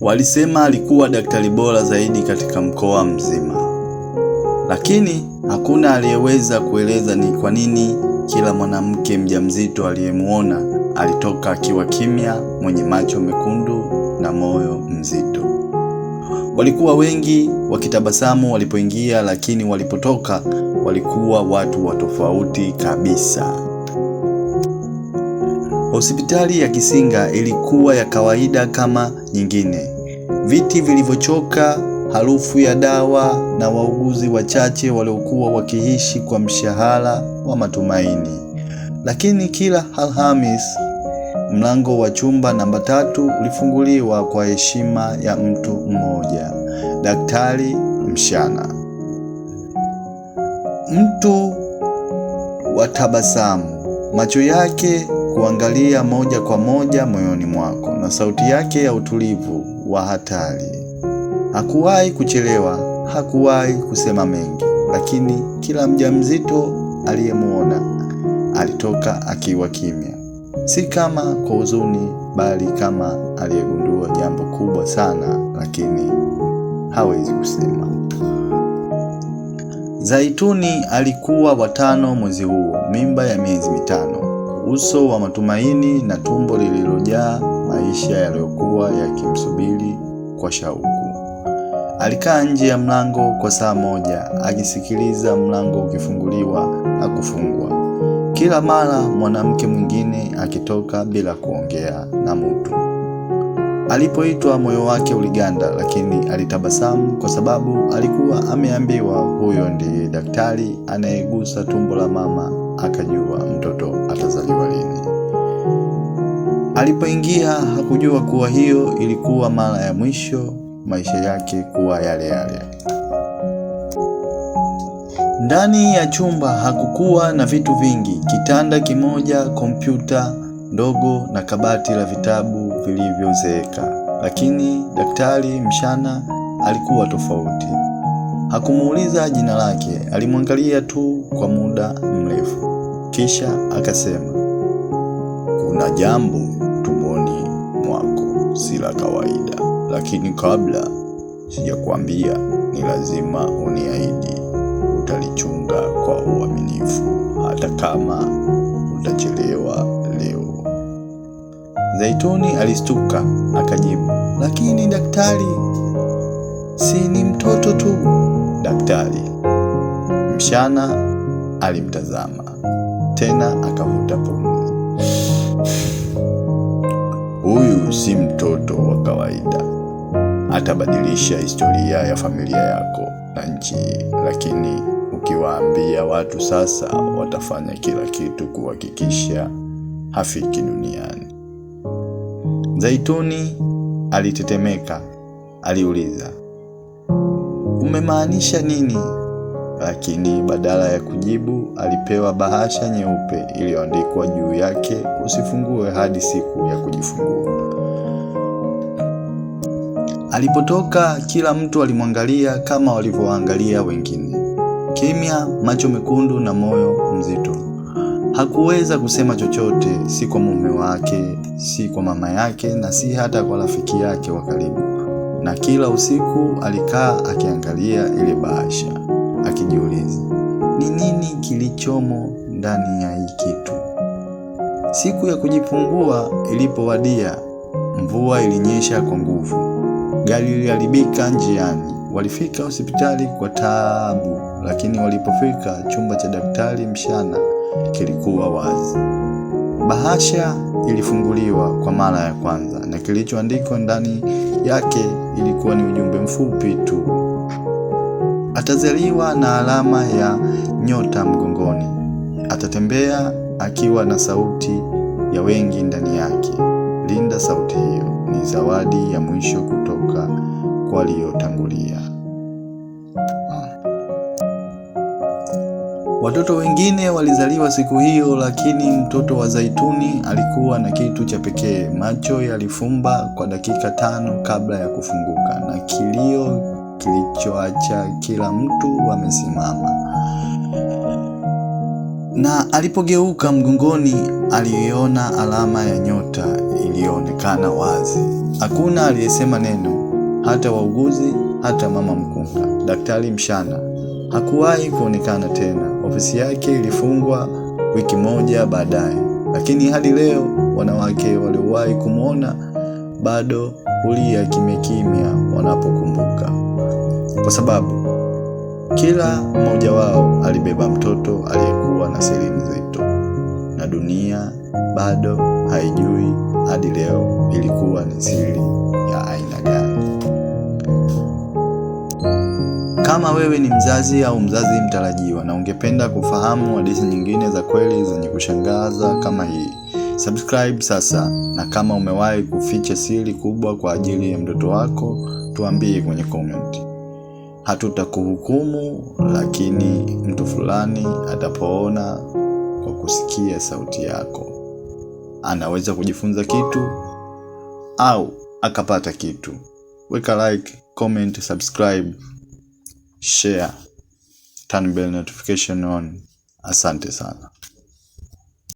Walisema alikuwa daktari bora zaidi katika mkoa mzima, lakini hakuna aliyeweza kueleza ni kwa nini kila mwanamke mjamzito aliyemwona alitoka akiwa kimya, mwenye macho mekundu na moyo mzito. Walikuwa wengi wakitabasamu walipoingia, lakini walipotoka walikuwa watu wa tofauti kabisa. Hospitali ya Kisinga ilikuwa ya kawaida kama nyingine, viti vilivyochoka, harufu ya dawa na wauguzi wachache waliokuwa wakiishi kwa mshahara wa matumaini. Lakini kila Alhamis mlango wa chumba namba tatu ulifunguliwa kwa heshima ya mtu mmoja, daktari Mshana, mtu wa tabasamu, macho yake kuangalia moja kwa moja moyoni mwako na sauti yake ya utulivu wa hatari. Hakuwahi kuchelewa, hakuwahi kusema mengi, lakini kila mjamzito aliyemwona alitoka akiwa kimya, si kama kwa huzuni, bali kama aliyegundua jambo kubwa sana, lakini hawezi kusema. Zaituni alikuwa watano mwezi huo, mimba ya miezi mitano uso wa matumaini na tumbo lililojaa maisha yaliyokuwa yakimsubiri kwa shauku. Alikaa nje ya mlango kwa saa moja, akisikiliza mlango ukifunguliwa na kufungwa, kila mara mwanamke mwingine akitoka bila kuongea na mtu. Alipoitwa moyo wake uliganda, lakini alitabasamu kwa sababu alikuwa ameambiwa huyo ndiye daktari anayegusa tumbo la mama, akajua mtoto atazaliwa lini. Alipoingia hakujua kuwa hiyo ilikuwa mara ya mwisho maisha yake kuwa yale yale. Ndani ya chumba hakukuwa na vitu vingi: kitanda kimoja, kompyuta ndogo na kabati la vitabu vilivyozeeka. Lakini Daktari Mshana alikuwa tofauti. Hakumuuliza jina lake, alimwangalia tu kwa muda mrefu, kisha akasema, kuna jambo tumboni mwako si la kawaida, lakini kabla sijakwambia, ni lazima uniahidi utalichunga kwa uaminifu, hata kama Zaituni alistuka akajibu, lakini daktari, si ni mtoto tu. Daktari mshana alimtazama tena akavuta pumzi. Huyu si mtoto wa kawaida, atabadilisha historia ya familia yako na nchi Lakini ukiwaambia watu sasa, watafanya kila kitu kuhakikisha hafiki duniani. Zaituni alitetemeka. Aliuliza, umemaanisha nini? Lakini badala ya kujibu, alipewa bahasha nyeupe iliyoandikwa juu yake, usifungue hadi siku ya kujifungua. Alipotoka, kila mtu alimwangalia kama walivyoangalia wengine, kimya, macho mekundu na moyo mzito. Hakuweza kusema chochote, si kwa mume wake, si kwa mama yake, na si hata kwa rafiki yake wa karibu. Na kila usiku alikaa akiangalia ile bahasha, akijiuliza ni nini kilichomo ndani ya hii kitu. Siku ya kujifungua ilipowadia, mvua ilinyesha kwa nguvu, gari liliharibika njiani. Walifika hospitali kwa taabu, lakini walipofika chumba cha daktari mshana kilikuwa wazi. Bahasha ilifunguliwa kwa mara ya kwanza na kilichoandikwa ndani yake ilikuwa ni ujumbe mfupi tu: atazaliwa na alama ya nyota mgongoni, atatembea akiwa na sauti ya wengi ndani yake. Linda sauti hiyo, ni zawadi ya mwisho kutoka kwa aliyotangulia. Watoto wengine walizaliwa siku hiyo, lakini mtoto wa Zaituni alikuwa na kitu cha pekee. Macho yalifumba kwa dakika tano kabla ya kufunguka na kilio kilichoacha kila mtu amesimama, na alipogeuka mgongoni, aliona alama ya nyota iliyoonekana wazi. Hakuna aliyesema neno, hata wauguzi, hata mama mkunga. Daktari Mshana hakuwahi kuonekana tena. Ofisi yake ilifungwa wiki moja baadaye, lakini hadi leo wanawake waliowahi kumwona bado hulia kimya kimya wanapokumbuka, kwa sababu kila mmoja wao alibeba mtoto aliyekuwa na siri nzito, na dunia bado haijui hadi leo ilikuwa ni siri ya aina gani. Kama wewe ni mzazi au mzazi mtarajiwa na ungependa kufahamu hadithi nyingine za kweli zenye kushangaza kama hii, subscribe sasa. Na kama umewahi kuficha siri kubwa kwa ajili ya mtoto wako, tuambie kwenye comment. Hatutakuhukumu, lakini mtu fulani atapoona kwa kusikia sauti yako anaweza kujifunza kitu au akapata kitu. Weka like, comment, subscribe share, turn bell notification on. Asante sana.